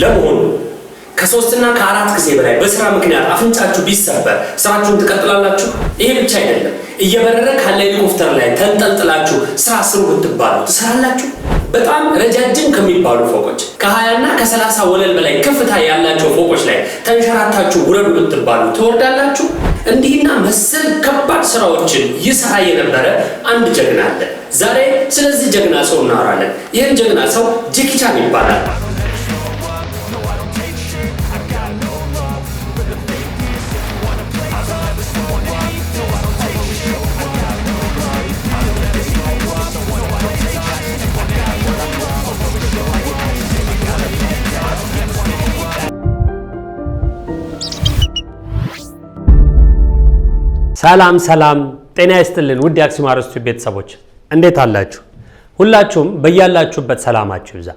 ለመሆኑ ከሶስትና ከአራት ጊዜ በላይ በስራ ምክንያት አፍንጫችሁ ቢሰበር ስራችሁን ትቀጥላላችሁ? ይሄ ብቻ አይደለም። እየበረረ ካለ ሄሊኮፍተር ላይ ተንጠልጥላችሁ ስራ ስሩ ብትባሉ ትሰራላችሁ? በጣም ረጃጅም ከሚባሉ ፎቆች ከሀያና ከሰላሳ ወለል በላይ ከፍታ ያላቸው ፎቆች ላይ ተንሸራታችሁ ውረዱ ብትባሉ ትወርዳላችሁ? እንዲህና መሰል ከባድ ስራዎችን ይሰራ የነበረ አንድ ጀግና አለ። ዛሬ ስለዚህ ጀግና ሰው እናወራለን። ይህን ጀግና ሰው ጄኪ ይባላል። ሰላም ሰላም፣ ጤና ይስጥልን ውድ የአክሱም ቤተሰቦች እንዴት አላችሁ? ሁላችሁም በያላችሁበት ሰላማችሁ ይብዛ።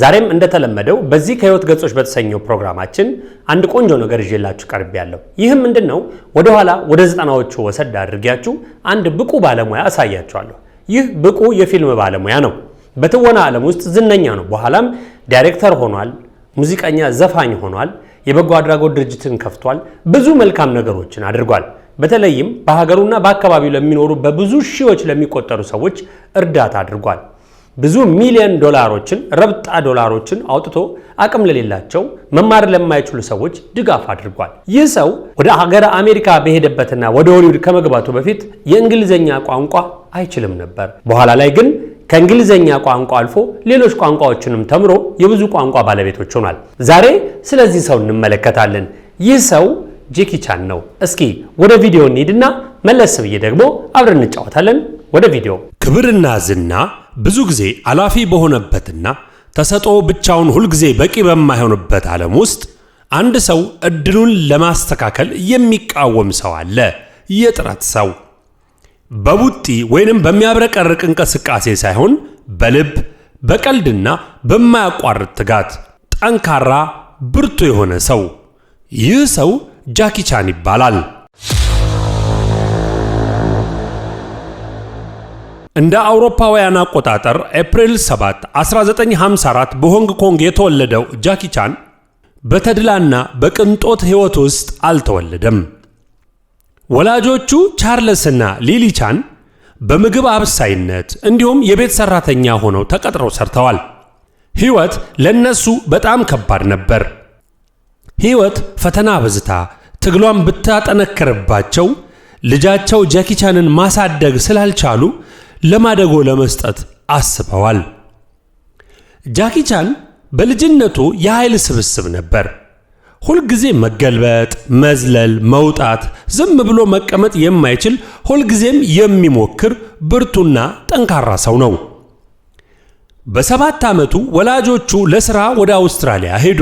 ዛሬም እንደተለመደው በዚህ ከህይወት ገጾች በተሰኘው ፕሮግራማችን አንድ ቆንጆ ነገር ይዤላችሁ ቀርብ ያለው ይህም ምንድን ነው? ወደኋላ ወደ ዘጠናዎቹ ወሰድ አድርጊያችሁ አንድ ብቁ ባለሙያ አሳያችኋለሁ። ይህ ብቁ የፊልም ባለሙያ ነው። በትወና ዓለም ውስጥ ዝነኛ ነው። በኋላም ዳይሬክተር ሆኗል። ሙዚቀኛ፣ ዘፋኝ ሆኗል። የበጎ አድራጎት ድርጅትን ከፍቷል። ብዙ መልካም ነገሮችን አድርጓል። በተለይም በሀገሩና በአካባቢው ለሚኖሩ በብዙ ሺዎች ለሚቆጠሩ ሰዎች እርዳታ አድርጓል። ብዙ ሚሊዮን ዶላሮችን ረብጣ ዶላሮችን አውጥቶ አቅም ለሌላቸው መማር ለማይችሉ ሰዎች ድጋፍ አድርጓል። ይህ ሰው ወደ ሀገረ አሜሪካ በሄደበትና ወደ ሆሊውድ ከመግባቱ በፊት የእንግሊዝኛ ቋንቋ አይችልም ነበር። በኋላ ላይ ግን ከእንግሊዝኛ ቋንቋ አልፎ ሌሎች ቋንቋዎችንም ተምሮ የብዙ ቋንቋ ባለቤቶች ሆኗል። ዛሬ ስለዚህ ሰው እንመለከታለን። ይህ ሰው ጄኪ ቻን ነው። እስኪ ወደ ቪዲዮ እንሂድና መለስ ብዬ ደግሞ አብረን እንጫወታለን። ወደ ቪዲዮ። ክብርና ዝና ብዙ ጊዜ አላፊ በሆነበትና ተሰጦ ብቻውን ሁልጊዜ በቂ በማይሆንበት ዓለም ውስጥ አንድ ሰው እድሉን ለማስተካከል የሚቃወም ሰው አለ። የጥረት ሰው በቡጢ ወይንም በሚያብረቀርቅ እንቅስቃሴ ሳይሆን በልብ በቀልድና በማያቋርጥ ትጋት ጠንካራ ብርቱ የሆነ ሰው። ይህ ሰው ጃኪ ቻን ይባላል። እንደ አውሮፓውያን አቆጣጠር ኤፕሪል 7 1954 በሆንግ ኮንግ የተወለደው ጃኪ ቻን በተድላና በቅንጦት ሕይወት ውስጥ አልተወለደም። ወላጆቹ ቻርለስና ሊሊ ቻን በምግብ አብሳይነት እንዲሁም የቤት ሰራተኛ ሆነው ተቀጥረው ሰርተዋል። ሕይወት ለነሱ በጣም ከባድ ነበር። ሕይወት ፈተና በዝታ ትግሏን ብታጠነክርባቸው ልጃቸው ጃኪቻንን ማሳደግ ስላልቻሉ ለማደጎ ለመስጠት አስበዋል። ጃኪቻን በልጅነቱ የኃይል ስብስብ ነበር። ሁልጊዜ መገልበጥ፣ መዝለል፣ መውጣት፣ ዝም ብሎ መቀመጥ የማይችል ሁልጊዜም የሚሞክር ብርቱና ጠንካራ ሰው ነው። በሰባት ዓመቱ ወላጆቹ ለሥራ ወደ አውስትራሊያ ሄዱ።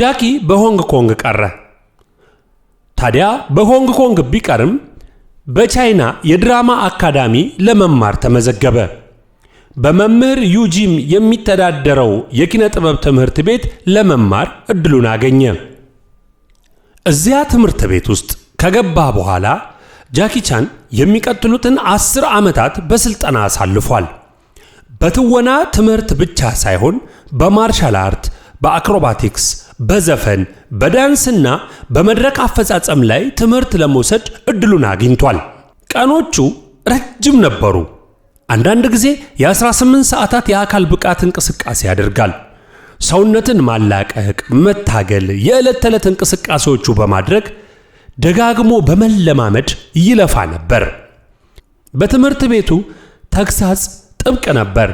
ጃኪ በሆንግ ኮንግ ቀረ። ታዲያ በሆንግ ኮንግ ቢቀርም በቻይና የድራማ አካዳሚ ለመማር ተመዘገበ። በመምህር ዩጂም የሚተዳደረው የኪነ ጥበብ ትምህርት ቤት ለመማር እድሉን አገኘ። እዚያ ትምህርት ቤት ውስጥ ከገባ በኋላ ጃኪቻን የሚቀጥሉትን አስር ዓመታት በስልጠና አሳልፏል። በትወና ትምህርት ብቻ ሳይሆን በማርሻል አርት፣ በአክሮባቲክስ በዘፈን በዳንስና በመድረክ አፈጻጸም ላይ ትምህርት ለመውሰድ እድሉን አግኝቷል። ቀኖቹ ረጅም ነበሩ። አንዳንድ ጊዜ የ18 ሰዓታት የአካል ብቃት እንቅስቃሴ ያደርጋል። ሰውነትን ማላቀቅ፣ መታገል፣ የዕለት ተዕለት እንቅስቃሴዎቹ በማድረግ ደጋግሞ በመለማመድ ይለፋ ነበር። በትምህርት ቤቱ ተግሳጽ ጥብቅ ነበር።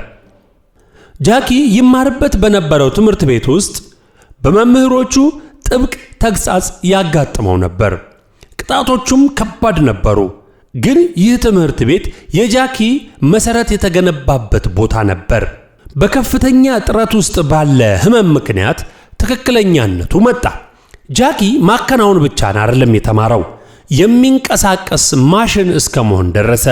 ጃኪ ይማርበት በነበረው ትምህርት ቤት ውስጥ በመምህሮቹ ጥብቅ ተግሳጽ ያጋጥመው ነበር። ቅጣቶቹም ከባድ ነበሩ። ግን ይህ ትምህርት ቤት የጃኪ መሰረት የተገነባበት ቦታ ነበር። በከፍተኛ ጥረት ውስጥ ባለ ህመም ምክንያት ትክክለኛነቱ መጣ። ጃኪ ማከናወን ብቻ አይደለም የተማረው፣ የሚንቀሳቀስ ማሽን እስከ መሆን ደረሰ።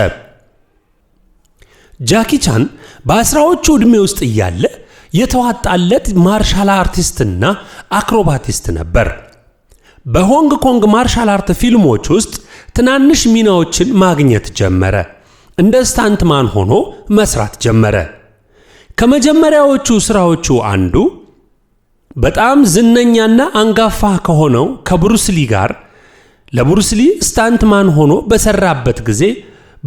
ጃኪ ቻን በአስራዎቹ ዕድሜ ውስጥ እያለ የተዋጣለት ማርሻል አርቲስትና አክሮባቲስት ነበር። በሆንግ ኮንግ ማርሻል አርት ፊልሞች ውስጥ ትናንሽ ሚናዎችን ማግኘት ጀመረ። እንደ ስታንትማን ሆኖ መስራት ጀመረ። ከመጀመሪያዎቹ ስራዎቹ አንዱ በጣም ዝነኛና አንጋፋ ከሆነው ከብሩስሊ ጋር ለብሩስሊ ስታንትማን ሆኖ በሰራበት ጊዜ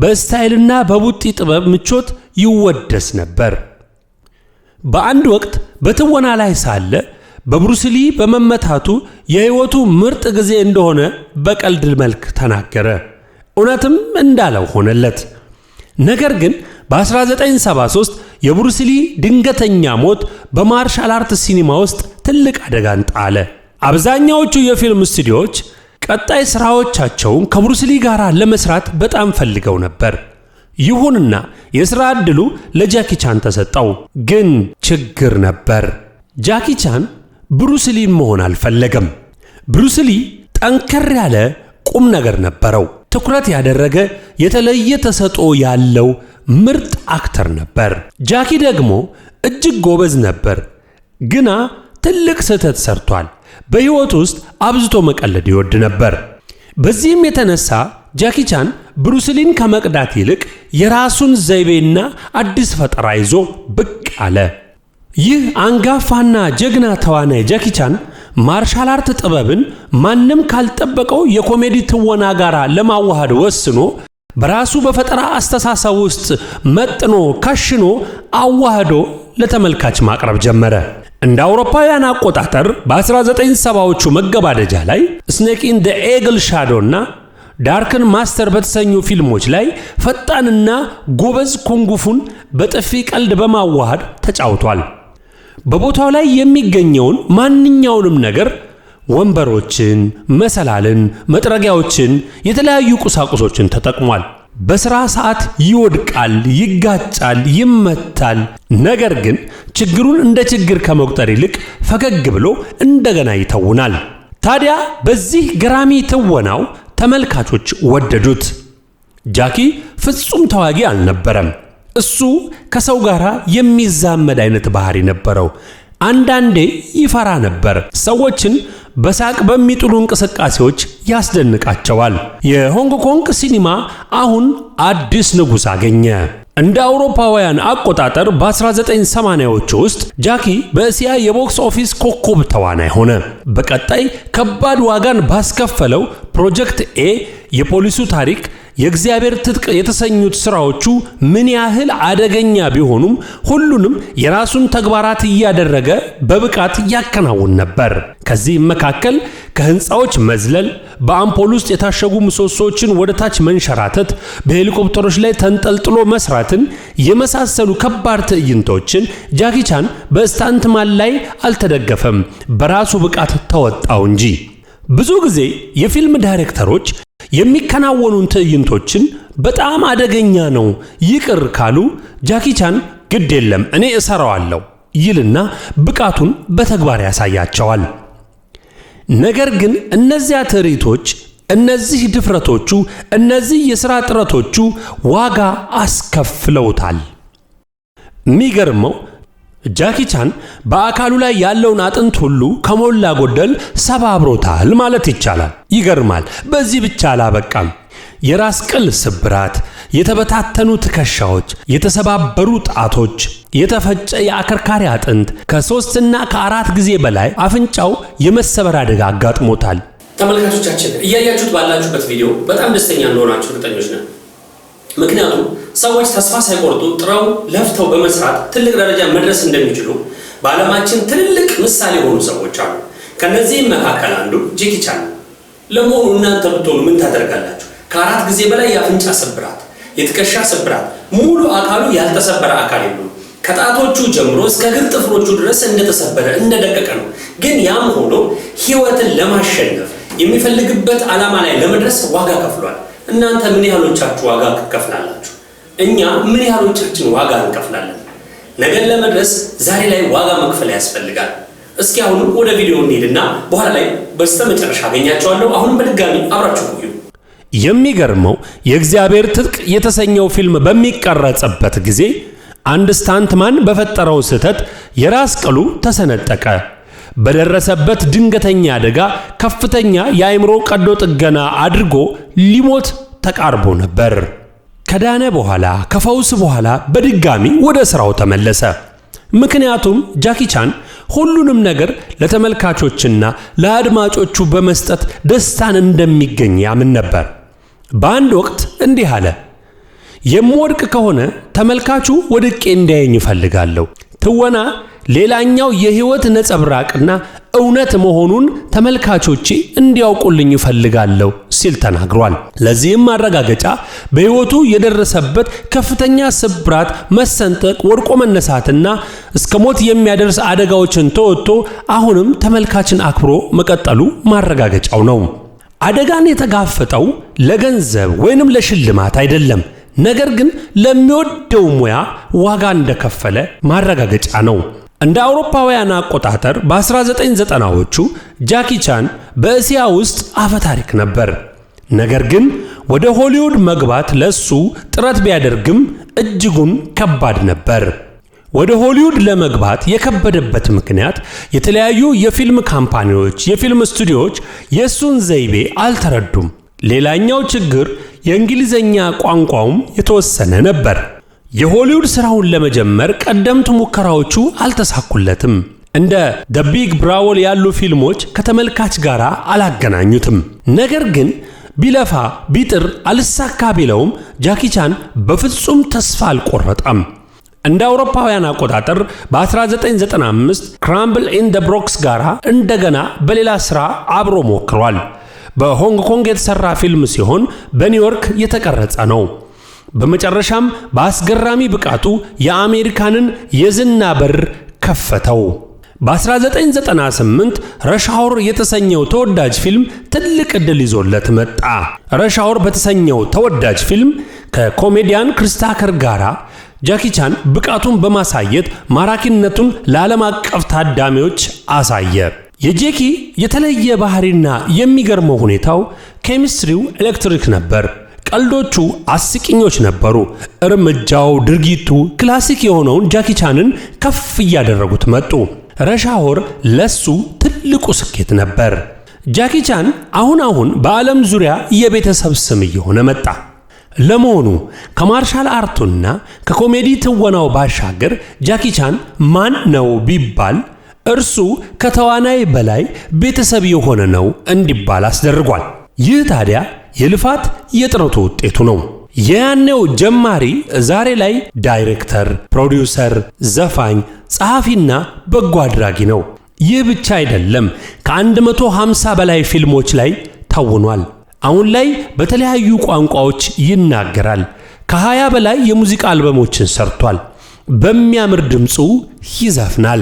በስታይልና በቡጢ ጥበብ ምቾት ይወደስ ነበር። በአንድ ወቅት በትወና ላይ ሳለ በብሩስሊ በመመታቱ የሕይወቱ ምርጥ ጊዜ እንደሆነ በቀልድ መልክ ተናገረ። እውነትም እንዳለው ሆነለት። ነገር ግን በ1973 የብሩስሊ ድንገተኛ ሞት በማርሻል አርት ሲኒማ ውስጥ ትልቅ አደጋን ጣለ። አብዛኛዎቹ የፊልም ስቱዲዮዎች ቀጣይ ስራዎቻቸውን ከብሩስሊ ጋር ለመስራት በጣም ፈልገው ነበር። ይሁንና የሥራ ዕድሉ ለጃኪ ቻን ተሰጠው። ግን ችግር ነበር። ጃኪ ቻን ብሩስሊ መሆን አልፈለገም። ብሩስሊ ጠንከር ያለ ቁም ነገር ነበረው። ትኩረት ያደረገ የተለየ ተሰጦ ያለው ምርጥ አክተር ነበር። ጃኪ ደግሞ እጅግ ጎበዝ ነበር፣ ግና ትልቅ ስህተት ሰርቷል። በሕይወት ውስጥ አብዝቶ መቀለድ ይወድ ነበር። በዚህም የተነሳ ጃኪቻን። ብሩስሊን ከመቅዳት ይልቅ የራሱን ዘይቤና አዲስ ፈጠራ ይዞ ብቅ አለ። ይህ አንጋፋና ጀግና ተዋናይ ጃኪቻን ማርሻል አርት ጥበብን ማንም ካልጠበቀው የኮሜዲ ትወና ጋር ለማዋሃድ ወስኖ በራሱ በፈጠራ አስተሳሰብ ውስጥ መጥኖ ከሽኖ አዋህዶ ለተመልካች ማቅረብ ጀመረ። እንደ አውሮፓውያን አቆጣጠር በ1970ዎቹ መገባደጃ ላይ ስኔክ ኢን ደ ኤግል ሻዶ እና ዳርክን ማስተር በተሰኙ ፊልሞች ላይ ፈጣንና ጎበዝ ኩንጉፉን በጥፊ ቀልድ በማዋሃድ ተጫውቷል። በቦታው ላይ የሚገኘውን ማንኛውንም ነገር ወንበሮችን፣ መሰላልን፣ መጥረጊያዎችን፣ የተለያዩ ቁሳቁሶችን ተጠቅሟል። በሥራ ሰዓት ይወድቃል፣ ይጋጫል፣ ይመታል። ነገር ግን ችግሩን እንደ ችግር ከመቁጠር ይልቅ ፈገግ ብሎ እንደገና ይተውናል። ታዲያ በዚህ ገራሚ ትወናው ተመልካቾች ወደዱት። ጃኪ ፍጹም ተዋጊ አልነበረም። እሱ ከሰው ጋር የሚዛመድ አይነት ባህሪ ነበረው። አንዳንዴ ይፈራ ነበር። ሰዎችን በሳቅ በሚጥሉ እንቅስቃሴዎች ያስደንቃቸዋል። የሆንግ ኮንግ ሲኒማ አሁን አዲስ ንጉሥ አገኘ። እንደ አውሮፓውያን አቆጣጠር በ1980ዎቹ ውስጥ ጃኪ በእስያ የቦክስ ኦፊስ ኮከብ ተዋናይ ሆነ። በቀጣይ ከባድ ዋጋን ባስከፈለው ፕሮጀክት ኤ፣ የፖሊሱ ታሪክ፣ የእግዚአብሔር ትጥቅ የተሰኙት ስራዎቹ ምን ያህል አደገኛ ቢሆኑም ሁሉንም የራሱን ተግባራት እያደረገ በብቃት ያከናውን ነበር። ከዚህም መካከል ከህንፃዎች መዝለል በአምፖል ውስጥ የታሸጉ ምሰሶዎችን ወደ ታች መንሸራተት፣ በሄሊኮፕተሮች ላይ ተንጠልጥሎ መስራትን የመሳሰሉ ከባድ ትዕይንቶችን ጃኪቻን በስታንትማን ላይ አልተደገፈም፣ በራሱ ብቃት ተወጣው እንጂ። ብዙ ጊዜ የፊልም ዳይሬክተሮች የሚከናወኑን ትዕይንቶችን በጣም አደገኛ ነው ይቅር ካሉ ጃኪቻን ግድ የለም እኔ እሰራዋለሁ ይልና ብቃቱን በተግባር ያሳያቸዋል። ነገር ግን እነዚያ ትርኢቶች፣ እነዚህ ድፍረቶቹ፣ እነዚህ የሥራ ጥረቶቹ ዋጋ አስከፍለውታል። የሚገርመው ጃኪ ቻን በአካሉ ላይ ያለውን አጥንት ሁሉ ከሞላ ጎደል ሰባብሮታል ማለት ይቻላል። ይገርማል። በዚህ ብቻ አላበቃም። የራስ ቅል ስብራት፣ የተበታተኑ ትከሻዎች፣ የተሰባበሩ ጣቶች፣ የተፈጨ የአከርካሪ አጥንት፣ ከሶስትና ከአራት ጊዜ በላይ አፍንጫው የመሰበር አደጋ አጋጥሞታል። ተመልካቾቻችን እያያችሁት ባላችሁበት ቪዲዮ በጣም ደስተኛ እንደሆናችሁ እርግጠኞች ነን። ምክንያቱም ሰዎች ተስፋ ሳይቆርጡ ጥረው ለፍተው በመስራት ትልቅ ደረጃ መድረስ እንደሚችሉ በዓለማችን ትልልቅ ምሳሌ የሆኑ ሰዎች አሉ። ከነዚህም መካከል አንዱ ጄኪ ቻን ለመሆኑ እናንተ ብትሆኑ ምን ታደርጋላችሁ? ከአራት ጊዜ በላይ የአፍንጫ ስብራት የትከሻ ስብራት ሙሉ አካሉ ያልተሰበረ አካል የለም። ከጣቶቹ ጀምሮ እስከ እግር ጥፍሮቹ ድረስ እንደተሰበረ እንደደቀቀ ነው። ግን ያም ሆኖ ህይወትን ለማሸነፍ የሚፈልግበት ዓላማ ላይ ለመድረስ ዋጋ ከፍሏል። እናንተ ምን ያህሎቻችሁ ዋጋ ከፍላላችሁ? እኛ ምን ያህሎቻችን ዋጋ እንከፍላለን? ነገን ለመድረስ ዛሬ ላይ ዋጋ መክፈል ያስፈልጋል። እስኪ አሁን ወደ ቪዲዮ እንሂድና በኋላ ላይ በስተመጨረሻ አገኛቸዋለሁ። አሁንም በድጋሚ አብራችሁ ቆዩ። የሚገርመው የእግዚአብሔር ትጥቅ የተሰኘው ፊልም በሚቀረጽበት ጊዜ አንድ ስታንትማን በፈጠረው ስህተት የራስ ቅሉ ተሰነጠቀ። በደረሰበት ድንገተኛ አደጋ ከፍተኛ የአእምሮ ቀዶ ጥገና አድርጎ ሊሞት ተቃርቦ ነበር። ከዳነ በኋላ ከፈውስ በኋላ በድጋሚ ወደ ስራው ተመለሰ። ምክንያቱም ጃኪ ቻን ሁሉንም ነገር ለተመልካቾችና ለአድማጮቹ በመስጠት ደስታን እንደሚገኝ ያምን ነበር። በአንድ ወቅት እንዲህ አለ። የምወድቅ ከሆነ ተመልካቹ ወድቄ እንዲያየኝ እፈልጋለሁ። ትወና ሌላኛው የህይወት ነጸብራቅና እውነት መሆኑን ተመልካቾቼ እንዲያውቁልኝ እፈልጋለሁ ሲል ተናግሯል። ለዚህም ማረጋገጫ በህይወቱ የደረሰበት ከፍተኛ ስብራት፣ መሰንጠቅ፣ ወድቆ መነሳትና እስከ ሞት የሚያደርስ አደጋዎችን ተወጥቶ አሁንም ተመልካችን አክብሮ መቀጠሉ ማረጋገጫው ነው። አደጋን የተጋፈጠው ለገንዘብ ወይንም ለሽልማት አይደለም፣ ነገር ግን ለሚወደው ሙያ ዋጋ እንደከፈለ ማረጋገጫ ነው። እንደ አውሮፓውያን አቆጣጠር በ1990ዎቹ ጃኪ ቻን በእስያ ውስጥ አፈ ታሪክ ነበር። ነገር ግን ወደ ሆሊውድ መግባት ለሱ ጥረት ቢያደርግም እጅጉን ከባድ ነበር። ወደ ሆሊውድ ለመግባት የከበደበት ምክንያት የተለያዩ የፊልም ካምፓኒዎች፣ የፊልም ስቱዲዮዎች የእሱን ዘይቤ አልተረዱም። ሌላኛው ችግር የእንግሊዘኛ ቋንቋውም የተወሰነ ነበር። የሆሊውድ ስራውን ለመጀመር ቀደምት ሙከራዎቹ አልተሳኩለትም። እንደ ደ ቢግ ብራወል ያሉ ፊልሞች ከተመልካች ጋር አላገናኙትም። ነገር ግን ቢለፋ ቢጥር አልሳካ ቢለውም ጃኪቻን በፍጹም ተስፋ አልቆረጠም። እንደ አውሮፓውያን አቆጣጠር በ1995 ክራምብል ኢን ደ ብሮክስ ጋር እንደገና በሌላ ሥራ አብሮ ሞክሯል። በሆንግ ኮንግ የተሰራ ፊልም ሲሆን በኒውዮርክ የተቀረጸ ነው። በመጨረሻም በአስገራሚ ብቃቱ የአሜሪካንን የዝና በር ከፈተው። በ1998 ረሻውር የተሰኘው ተወዳጅ ፊልም ትልቅ ዕድል ይዞለት መጣ። ረሻውር በተሰኘው ተወዳጅ ፊልም ከኮሜዲያን ክርስታከር ጋራ ጃኪ ቻን ብቃቱን በማሳየት ማራኪነቱን ለዓለም አቀፍ ታዳሚዎች አሳየ። የጄኪ የተለየ ባህሪና የሚገርመው ሁኔታው ኬሚስትሪው ኤሌክትሪክ ነበር። ቀልዶቹ አስቂኞች ነበሩ። እርምጃው፣ ድርጊቱ ክላሲክ የሆነውን ጃኪ ቻንን ከፍ እያደረጉት መጡ። ረሻሆር ለሱ ትልቁ ስኬት ነበር። ጃኪ ቻን አሁን አሁን በዓለም ዙሪያ የቤተሰብ ስም እየሆነ መጣ። ለመሆኑ ከማርሻል አርቱና ከኮሜዲ ትወናው ባሻገር ጃኪ ቻን ማን ነው ቢባል እርሱ ከተዋናይ በላይ ቤተሰብ የሆነ ነው እንዲባል አስደርጓል። ይህ ታዲያ የልፋት የጥረቱ ውጤቱ ነው። የያኔው ጀማሪ ዛሬ ላይ ዳይሬክተር፣ ፕሮዲውሰር፣ ዘፋኝ፣ ጸሐፊና በጎ አድራጊ ነው። ይህ ብቻ አይደለም፣ ከ150 በላይ ፊልሞች ላይ ታውኗል። አሁን ላይ በተለያዩ ቋንቋዎች ይናገራል። ከሀያ በላይ የሙዚቃ አልበሞችን ሰርቷል። በሚያምር ድምፁ ይዘፍናል።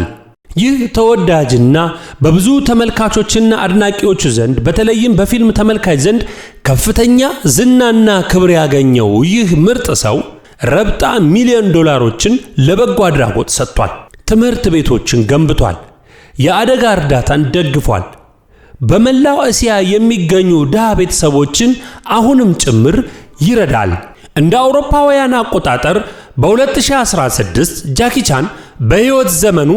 ይህ ተወዳጅና በብዙ ተመልካቾችና አድናቂዎች ዘንድ በተለይም በፊልም ተመልካች ዘንድ ከፍተኛ ዝናና ክብር ያገኘው ይህ ምርጥ ሰው ረብጣ ሚሊዮን ዶላሮችን ለበጎ አድራጎት ሰጥቷል። ትምህርት ቤቶችን ገንብቷል። የአደጋ እርዳታን ደግፏል። በመላው እስያ የሚገኙ ድሃ ቤተሰቦችን አሁንም ጭምር ይረዳል። እንደ አውሮፓውያን አቆጣጠር በ2016 ጃኪቻን በሕይወት ዘመኑ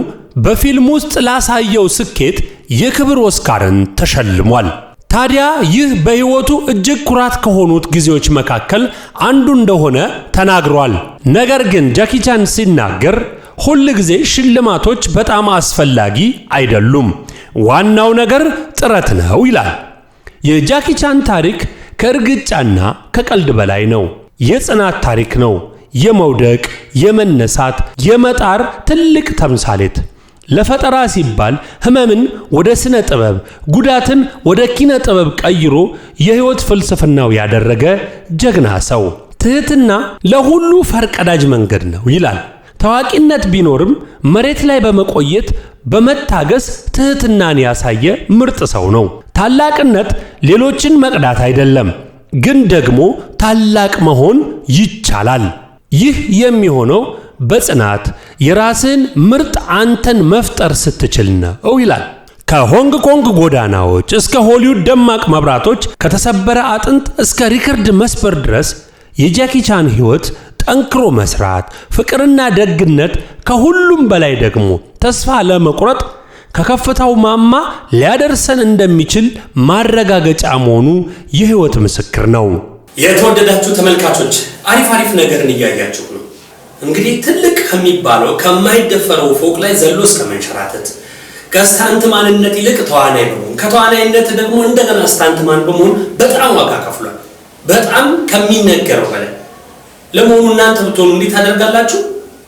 በፊልም ውስጥ ላሳየው ስኬት የክብር ኦስካርን ተሸልሟል። ታዲያ ይህ በሕይወቱ እጅግ ኩራት ከሆኑት ጊዜዎች መካከል አንዱ እንደሆነ ተናግሯል። ነገር ግን ጃኪቻን ሲናገር ሁል ጊዜ ሽልማቶች በጣም አስፈላጊ አይደሉም ዋናው ነገር ጥረት ነው ይላል። የጃኪ ቻን ታሪክ ከእርግጫና ከቀልድ በላይ ነው። የጽናት ታሪክ ነው። የመውደቅ፣ የመነሳት፣ የመጣር ትልቅ ተምሳሌት። ለፈጠራ ሲባል ህመምን ወደ ስነ ጥበብ፣ ጉዳትን ወደ ኪነ ጥበብ ቀይሮ የህይወት ፍልስፍናው ያደረገ ጀግና ሰው። ትህትና ለሁሉ ፈርቀዳጅ መንገድ ነው ይላል። ታዋቂነት ቢኖርም መሬት ላይ በመቆየት በመታገስ ትህትናን ያሳየ ምርጥ ሰው ነው። ታላቅነት ሌሎችን መቅዳት አይደለም፣ ግን ደግሞ ታላቅ መሆን ይቻላል። ይህ የሚሆነው በጽናት የራስህን ምርጥ አንተን መፍጠር ስትችል ነው ይላል። ከሆንግ ኮንግ ጎዳናዎች እስከ ሆሊውድ ደማቅ መብራቶች፣ ከተሰበረ አጥንት እስከ ሪከርድ መስበር ድረስ የጃኪ ቻን ሕይወት ጠንክሮ መስራት፣ ፍቅርና ደግነት ከሁሉም በላይ ደግሞ ተስፋ ለመቁረጥ ከከፍታው ማማ ሊያደርሰን እንደሚችል ማረጋገጫ መሆኑ የህይወት ምስክር ነው። የተወደዳችሁ ተመልካቾች አሪፍ አሪፍ ነገርን እያያችሁ ነው። እንግዲህ ትልቅ ከሚባለው ከማይደፈረው ፎቅ ላይ ዘሎ እስከ መንሸራተት ከስታንት ማንነት ይልቅ ተዋናይ በመሆን ከተዋናይነት ደግሞ እንደገና ስታንት ማን በመሆን በጣም ዋጋ ከፍሏል። በጣም ከሚነገረው በላይ ለመሆኑ እናንተ ብትሆኑ እንዴት ታደርጋላችሁ?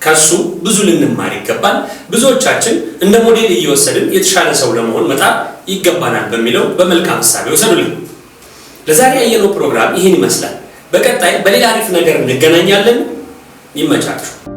ከሱ ብዙ ልንማር ይገባል። ብዙዎቻችን እንደ ሞዴል እየወሰድን የተሻለ ሰው ለመሆን መጣር ይገባናል በሚለው በመልካም እሳቤ ወሰዱልኝ። ለዛሬ ያየነው ፕሮግራም ይህን ይመስላል። በቀጣይ በሌላ አሪፍ ነገር እንገናኛለን። ይመቻችሁ።